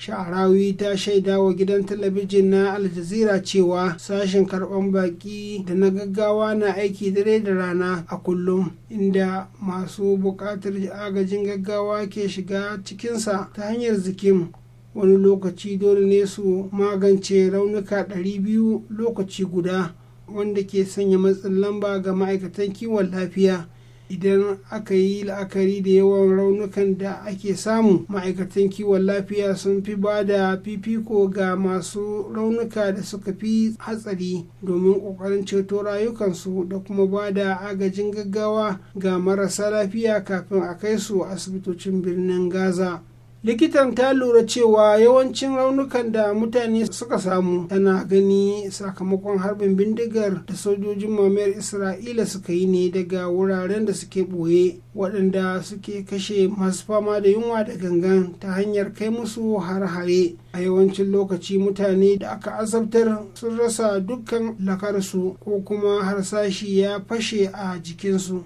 sha'arawi ta shaida wa gidan talabijin na aljazira cewa sashen karban baki da na gaggawa na aiki dare da rana a kullum inda masu buƙatar agajin gaggawa ke shiga cikinsa ta hanyar zikim wani lokaci dole ne su magance raunuka 200 lokaci guda wanda ke sanya matsin lamba ga ma'aikatan kiwon lafiya idan aka yi la'akari da yawan raunukan da ake samu ma'aikatan kiwon lafiya sun fi ba da fifiko ga masu raunuka da suka fi hatsari domin ƙoƙarin ceto rayukansu da kuma ba da agajin gaggawa ga marasa lafiya kafin a kai su asibitocin birnin gaza likitan ta lura cewa yawancin raunukan da mutane suka samu tana gani sakamakon harbin bindigar da sojojin mamayar isra'ila suka yi ne daga wuraren da suke ɓoye waɗanda suke kashe masu fama da yunwa da gangan ta hanyar kai musu har-hare a yawancin lokaci mutane da aka azabtar sun rasa dukkan lakarsu ko kuma harsashi ya fashe a jikinsu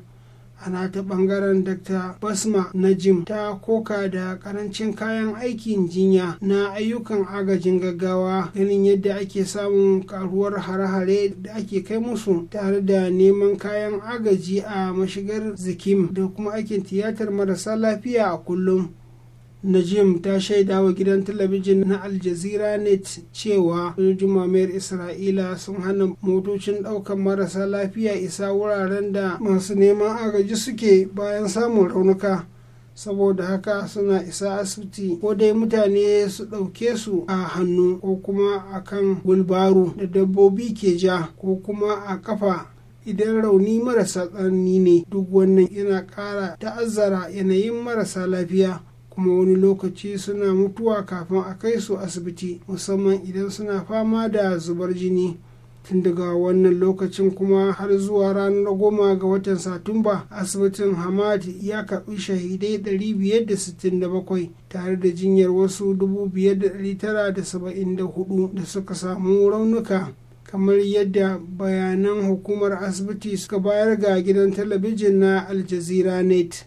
Ana ta bangaren dr basma najim ta koka da karancin kayan aikin jinya na ayyukan agajin gaggawa ganin yadda ake samun karuwar hare-hare da ake kai musu tare da neman kayan agaji a mashigar zikim da kuma aikin tiyatar marasa lafiya a kullum najim ta shaida wa gidan talabijin na aljazeera net cewa sojojin isra'ila sun hana motocin ɗaukar marasa lafiya isa wuraren da masu neman agaji suke bayan samun raunuka saboda haka suna isa asibiti ko dai mutane su ɗauke su a hannu ko kuma a kan gulbaru da dabbobi ke ja ko kuma a kafa idan rauni marasa tsanani ne duk wannan yana ƙara ta'azzara yanayin marasa lafiya kuma wani lokaci suna mutuwa kafin a kai su asibiti musamman idan suna fama da zubar jini tun daga wannan lokacin kuma har zuwa ranar goma ga watan satumba asibitin hamad ya karbi shahidai 567 tare da jinyar wasu 5,974 da suka samu raunuka kamar yadda bayanan hukumar asibiti suka bayar ga gidan talabijin na aljazeera net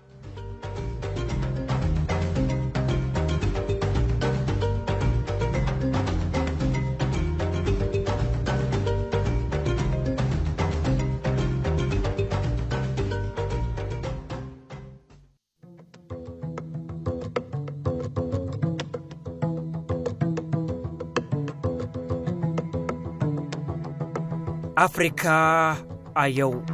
Afirka a yau.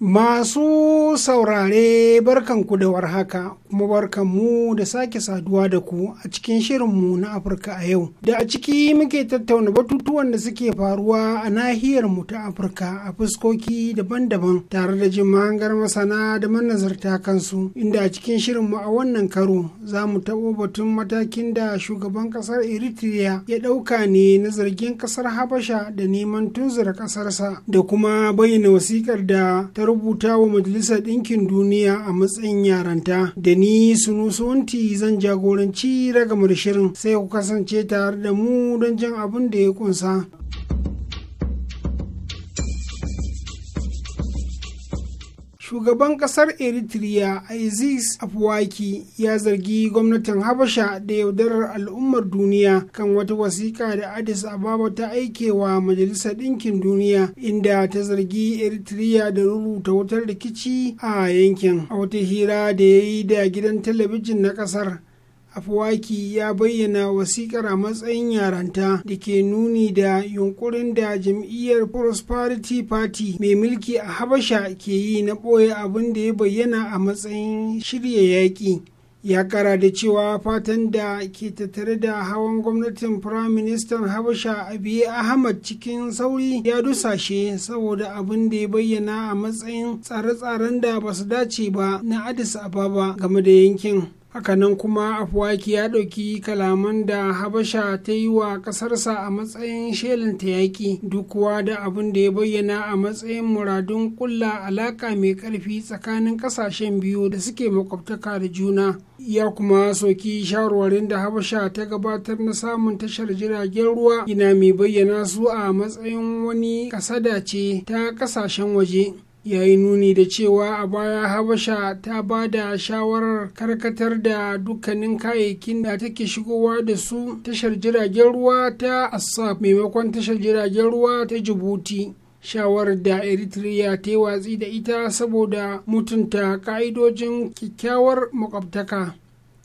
Masu saurare barkanku da warhaka kuma barkanmu da sake saduwa da ku a cikin shirinmu na Afirka a yau. Da a ciki muke tattauna batutuwan da suke faruwa a nahiyarmu ta Afirka a fuskoki daban-daban tare da jin mahangar masana da manazarta kansu inda a cikin shirinmu a wannan karo za mu taɓo batun matakin da shugaban ƙasar Eritrea ya ɗauka ne na zargin ƙasar Habasha da neman tunzura ƙasarsa da kuma bayyana wasiƙar da rubuta wa majalisar ɗinkin duniya a matsayin yaranta da ni sunusunti zan jagoranci ragamar shirin sai ku kasance tare da mu don jan abin da ya kunsa. shugaban kasar eritrea aziz afwaki ya zargi gwamnatin habasha da yaudarar al'ummar duniya kan wata wasiƙa da addis ababa ta aike wa majalisar ɗinkin duniya inda ta zargi eritrea da rubuta wutar rikici a yankin a wata hira da ya yi da gidan talabijin na kasar afwaki ya bayyana wasikar a matsayin yaranta da ke nuni da yunkurin da jam'iyyar prosperity party mai mulki a habasha ke yi na ɓoye abin da ya bayyana a matsayin shirya yaƙi ya kara da cewa fatan da ke tattare da hawan gwamnatin prime minister habasha abiy ahmad cikin sauri ya dusashe saboda abin da ya bayyana a matsayin tsare-tsaren da ba su dace ba na addis ababa game da yankin hakanan kuma afwaki ya ɗauki kalaman da habasha ta yi wa ƙasarsa a matsayin shelin ta yaƙi duk kuwa da abin da ya bayyana a matsayin muradun ƙulla alaƙa mai ƙarfi tsakanin ƙasashen biyu da suke maƙwabtaka da juna ya kuma soki shawarwarin da habasha ta gabatar na samun tashar jiragen ruwa ina mai bayyana su a matsayin wani kasada ce ta ƙasashen waje ya yi nuni da cewa a baya habasha ta ba da shawarar karkatar da dukkanin kayayyakin da take shigowa da su tashar jiragen ruwa ta assaf maimakon tashar jiragen ruwa ta jibuti shawarar da eritrea ta yi watsi da ita saboda mutunta ka'idojin kyakkyawar makwabtaka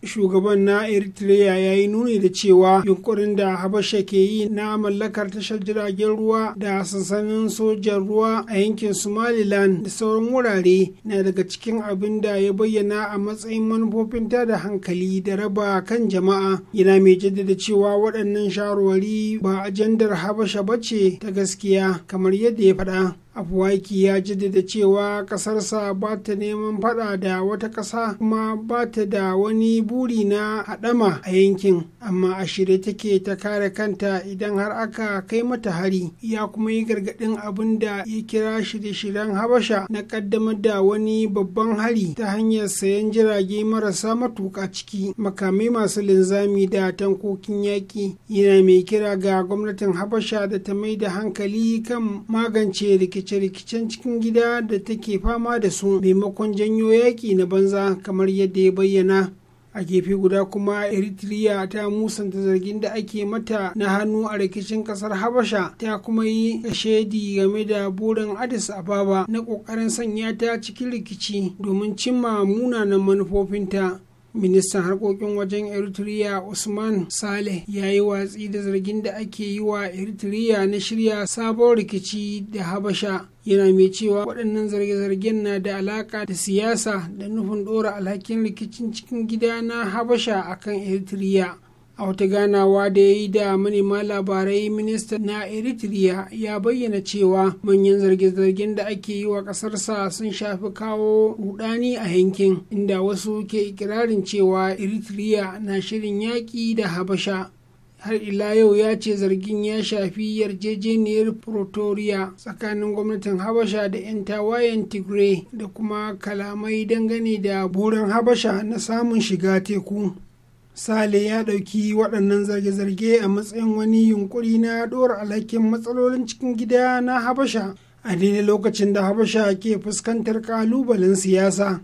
shugaban na eritrea ya yi nuni da cewa yunkurin da habasha ke yi na mallakar tashar jiragen ruwa da sansanin sojan ruwa a yankin somaliland da sauran wurare na daga cikin abin da ya bayyana a matsayin manufofin da hankali da raba kan jama'a yana mai jaddada cewa waɗannan shawarwari ba ajandar habasha ba ce ta gaskiya kamar yadda ya faɗa afwaki ya jaddada cewa ƙasarsa ba ta neman fada da wata ƙasa kuma ba ta da wani buri na haɗama a yankin amma a shirye take ta kare kanta idan har aka kai mata hari ya kuma yi gargaɗin abin da ya kira shirye-shiryen habasha na ƙaddamar da wani babban hari ta hanyar sayan jirage marasa matuƙa ciki makamai masu linzami da tankokin yaƙi yana mai kira ga gwamnatin habasha da ta mai da hankali kan magance rikici rikice-rikicen cikin gida da take fama da su maimakon janyo yaƙi na banza kamar yadda ya bayyana a gefe guda kuma eritrea ta musanta zargin da ake mata na hannu a rikicin kasar habasha ta kuma yi shaidi game da burin addis ababa na ƙoƙarin sanya ta cikin rikici domin cimma munanan manufofinta ministan harkokin wajen eritrea usman saleh ya yi watsi da zargin da ake yi wa eritrea na shirya sabon rikici da habasha yana mai cewa waɗannan zarge-zargen na da alaƙa da siyasa da nufin ɗora alhakin rikicin cikin gida na habasha akan eritrea a wata ganawa da ya yi da manema labarai minista na eritrea ya bayyana cewa manyan zarge-zargen da ake yi wa ƙasarsa sun shafi kawo rudani a yankin inda wasu ke ikirarin cewa eritrea na shirin yaƙi da habasha har ila yau ya ce zargin ya shafi yarjejeniyar pretoria tsakanin gwamnatin habasha da 'yan tawayen tigray da kuma kalamai dangane da burin habasha na samun shiga teku sale ya ɗauki waɗannan zarge-zarge a matsayin wani yunkuri na ɗora alhakin matsalolin cikin gida na habasha a daidai lokacin da habasha ke fuskantar ƙalubalen siyasa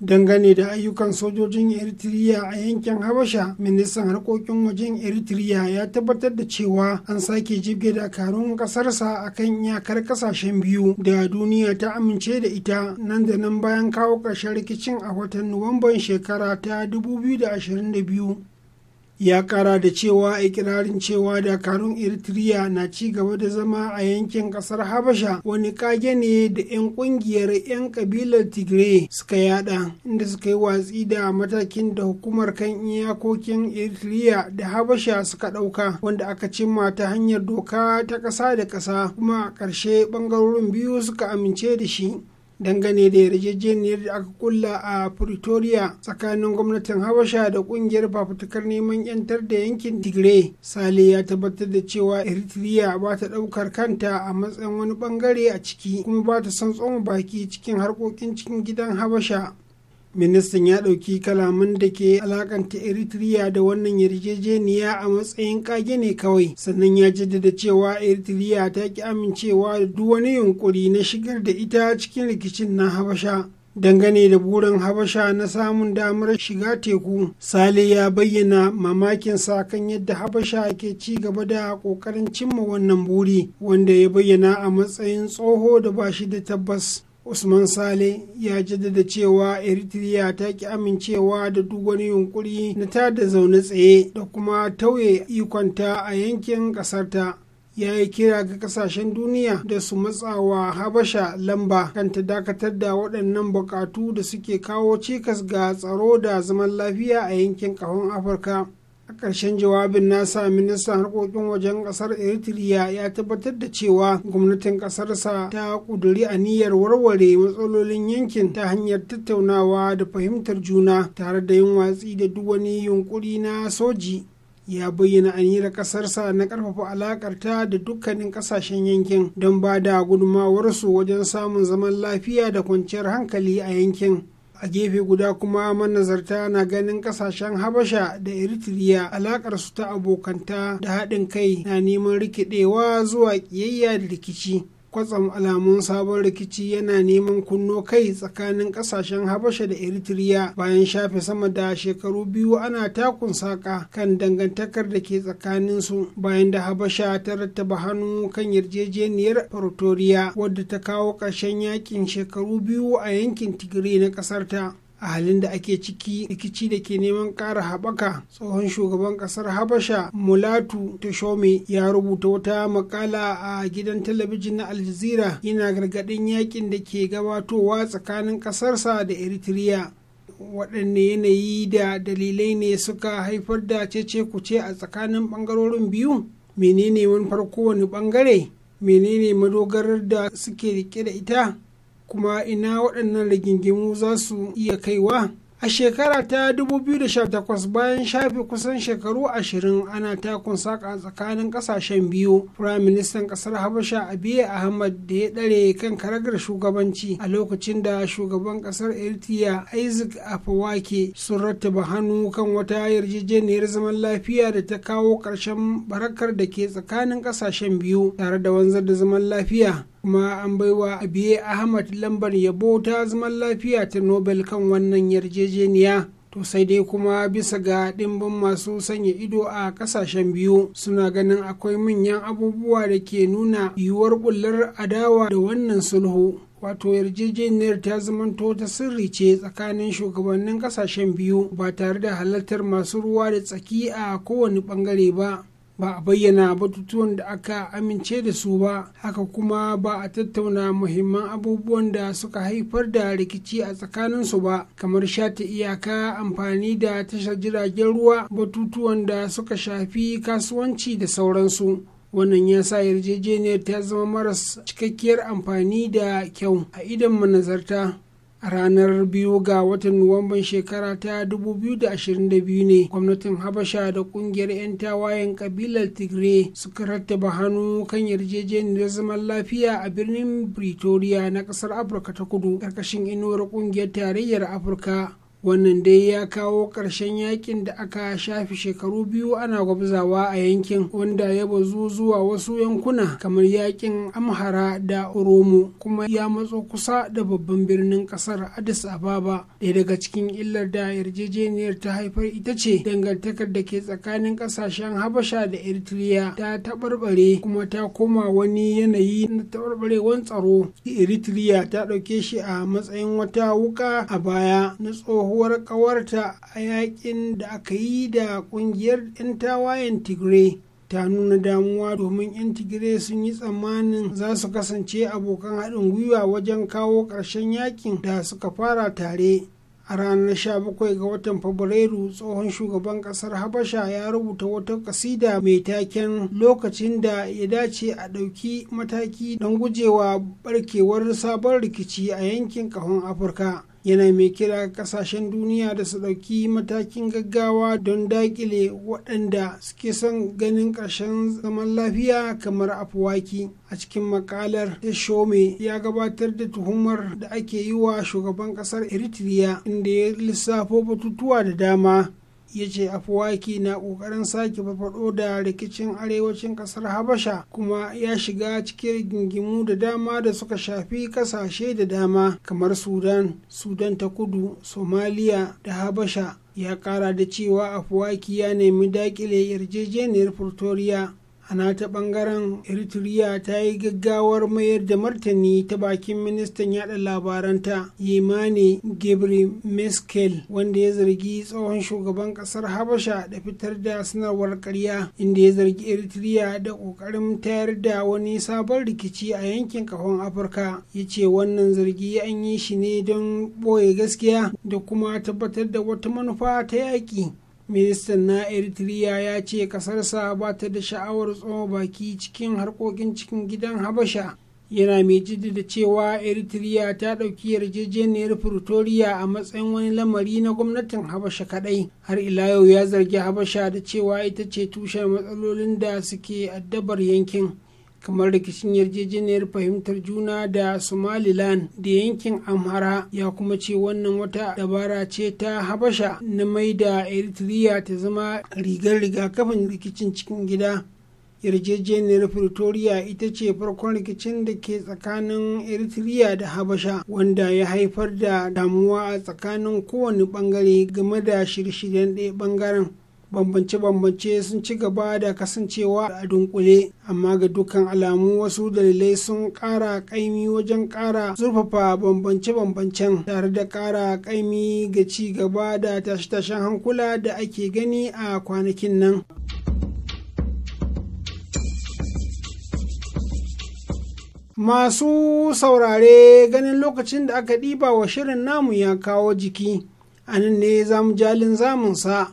dangane da ayyukan sojojin eritrea a yankin habasha ministan harkokin wajen eritrea ya tabbatar da cewa an sake jibge dakarun kasarsa a kan iyakar kasashen biyu da duniya ta amince da ita nan da nan bayan kawo ƙarshen rikicin a watan nuwamban shekara ta 2022 ya kara da cewa ikirarin cewa dakarun eritrea na ci gaba da zama a yankin kasar habasha wani kage ne da 'yan kungiyar 'yan kabilar tigray suka yada inda suka yi watsi da matakin da hukumar kan iyakokin eritrea da habasha suka dauka wanda aka cimma ta hanyar doka ta kasa da kasa kuma a ƙarshe bangarorin biyu suka amince da shi dangane da yarjejeniyar da aka kulla a pretoria tsakanin gwamnatin habasha da kungiyar fafutukar neman yantar da yankin tigray sale ya tabbatar da cewa eritrea ba ta daukar kanta a matsayin wani bangare a ciki kuma ba ta son tsoma baki cikin harkokin cikin gidan habasha ministan ya ɗauki kalaman da ke alakanta eritrea da wannan yarjejeniya a matsayin kage ne kawai sannan ya jaddada cewa eritrea ta ki amincewa da duk wani yunkuri na shigar da ita cikin rikicin na habasha dangane da burin habasha na samun damar shiga teku sale ya bayyana mamakinsa kan yadda habasha ke ci gaba da kokarin cimma wannan buri wanda ya bayyana a matsayin tsoho da bashi da tabbas usman sale ya jaddada cewa eritrea ta ki amincewa da duk wani yunkuri na da zaune tsaye da kuma tauye ikonta a yankin ƙasarta ya yi kira ga kasashen duniya da su matsawa habasha lamba kan ta dakatar da waɗannan buƙatu da suke kawo cikas ga tsaro da zaman lafiya a yankin ƙafan afirka a ƙarshen jawabin nasa ministan harkokin wajen ƙasar eritrea ya tabbatar da cewa gwamnatin ƙasarsa ta ƙuduri aniyar warware matsalolin yankin ta hanyar tattaunawa da fahimtar juna tare da yin watsi da duk wani yunkuri na soji ya bayyana aniyar ƙasarsa na ƙarfafa alaƙarta da dukkanin ƙasashen yankin don ba da gudunmawarsu wajen samun zaman lafiya da kwanciyar hankali a yankin a gefe guda kuma manazarta na ganin kasashen habasha da eritrea alakarsu ta abokanta da haɗin kai na neman rikidewa zuwa ƙiyayya da rikici kwatsam alamun sabon rikici yana neman kunno kai tsakanin kasashen habasha da eritrea bayan shafe sama da shekaru biyu ana takun saka kan dangantakar da ke tsakanin su bayan da habasha ta rattaba hannu kan yarjejeniyar pretoria wadda ta kawo ƙarshen yakin shekaru biyu a yankin tigray na ƙasarta. a halin da ake ciki rikici da ke neman ƙara haɓaka tsohon shugaban ƙasar habasha mulatu tashome ya rubuta wata makala a gidan talabijin na aljazira yana gargaɗin yakin da ke gabatowa tsakanin ƙasarsa da eritrea waɗanne yanayi da dalilai ne suka haifar da cece kuce a tsakanin ɓangarorin biyu menene wani farko wani ɓangare menene madogarar da suke rike da ita kuma ina waɗannan rigingimu za su iya kaiwa a shekara ta 2018 bayan shafe kusan shekaru 20 ana takun saka tsakanin kasashen biyu firaministan ministan kasar habasha abiy ahmad da ya ɗare kan karagar shugabanci a lokacin da shugaban kasar eritrea isaac afawake sun rattaba hannu kan wata yarjejeniyar zaman lafiya da ta kawo ƙarshen barakar da ke tsakanin kasashen biyu tare da wanzar da zaman lafiya kuma an baiwa abiye ahmad lambar yabo ta zaman lafiya ta nobel kan wannan yarjejeniya to sai dai kuma bisa ga ɗimbin masu sanya ido a ƙasashen biyu suna ganin akwai manyan abubuwa da ke nuna yiwuwar bullar adawa da wannan sulhu wato yarjejeniyar ta zamanto ta sirri ce tsakanin shugabannin ƙasashen biyu ba tare da halartar masu ruwa da tsaki a kowane ɓangare ba ba a bayyana batutuwan da aka amince da su ba haka kuma ba a tattauna muhimman abubuwan da suka haifar da rikici a tsakaninsu ba kamar shata iyaka amfani da tashar jiragen ruwa batutuwan da suka shafi kasuwanci da sauransu wannan ya sa yarjejeniyar ta zama maras cikakkiyar amfani da kyau a idan manazarta ranar biyu ga watan nuwamban shekara ta 2022 ne gwamnatin habasha da kungiyar 'yan tawayen kabilar tigray suka rattaba hannu kan yarjejeniyar zaman lafiya a birnin pretoria na kasar afirka ta kudu karkashin inuwar kungiyar tarayyar afirka wannan dai ya kawo ƙarshen yakin da aka shafi shekaru biyu ana gwabzawa a yankin wanda ya bazu zuwa wasu yankuna kamar yakin amhara da oromo kuma ya matso kusa da babban birnin ƙasar addis ababa ɗaya daga cikin illar da yarjejeniyar ta haifar ita ce dangantakar da ke tsakanin ƙasashen habasha da eritrea ta taɓarɓare kuma ta koma wani yanayi na taɓarɓarewan tsaro eritrea ta ɗauke shi a matsayin wata wuka a baya na tsoho rasuwar kawarta a yakin da aka yi da kungiyar 'yan tawayen tigre ta nuna damuwa domin 'yan tigre sun yi tsammanin za su kasance abokan haɗin gwiwa wajen kawo ƙarshen yakin da suka fara tare a ranar 17 ga watan fabrairu tsohon shugaban ƙasar habasha ya rubuta wata kasida mai taken lokacin da ya dace a ɗauki mataki don gujewa barkewar sabon rikici a yankin ƙahon afirka yana mai kira kasashen duniya da su ɗauki matakin gaggawa don daƙile waɗanda suke son ganin ƙarshen zaman lafiya kamar afuwaki a cikin makalar shome ya gabatar da tuhumar da ake yi wa shugaban ƙasar eritrea inda ya lissafo batutuwa da dama ya ce afuwaki na ƙoƙarin sake farfaɗo da rikicin arewacin ƙasar habasha kuma ya shiga cikin rigingimu da dama da suka shafi ƙasashe da dama kamar sudan sudan ta kudu somaliya da habasha ya ƙara da cewa afuwaki ya nemi daƙile yarjejeniyar pretoria a nata bangaren eritrea ta yi gaggawar mayar da martani ta bakin ministan yada labaranta yemani gebre meskel wanda ya zargi tsohon shugaban kasar habasha da fitar da sanarwar karya inda ya zargi eritrea da kokarin tayar da wani sabon rikici a yankin kafin afirka ya ce wannan zargi an yi shi ne don ɓoye gaskiya da kuma tabbatar da wata manufa ta yaƙi ministan na eritrea ya ce kasarsa ba ta da sha'awar tsoma baki cikin harkokin cikin gidan habasha yana mai da cewa eritrea ta ɗauki yarjejeniyar pretoria a matsayin wani lamari na gwamnatin habasha kadai. har ila yau ya zargi habasha da cewa ita ce tushen matsalolin da suke addabar yankin kamar rikicin yarjejeniyar fahimtar juna da somaliland da yankin amhara ya kuma ce wannan wata dabara ce ta habasha na mai da eritrea ta zama rigar rigakafin rikicin cikin gida yarjejeniyar pretoria ita ce farkon rikicin da ke tsakanin eritrea da habasha wanda ya haifar da damuwa a tsakanin kowane bangare game da shirye-shiryen ɗaya bangaren bambance-bambance sun ci gaba da kasancewa a dunkule amma ga dukkan alamu wasu dalilai sun ƙara ƙaimi wajen ƙara zurfafa bambance-bambancen tare da ƙara ƙaimi ga ci gaba da tashe-tashen hankula da ake gani a kwanakin nan. Masu saurare ganin lokacin da aka ɗiba wa shirin namu ya kawo jiki, a nan ne zamu jalin zamunsa.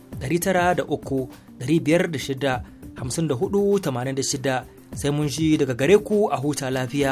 903 506 86 sai mun shi daga gare ku a huta lafiya.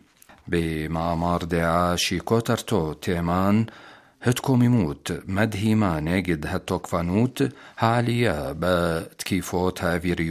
بمعمار داعش كوترتو تيمان هتكو ميموت مدهيما نجد هتوك فانوت هاليا با تكيفوت هافيريو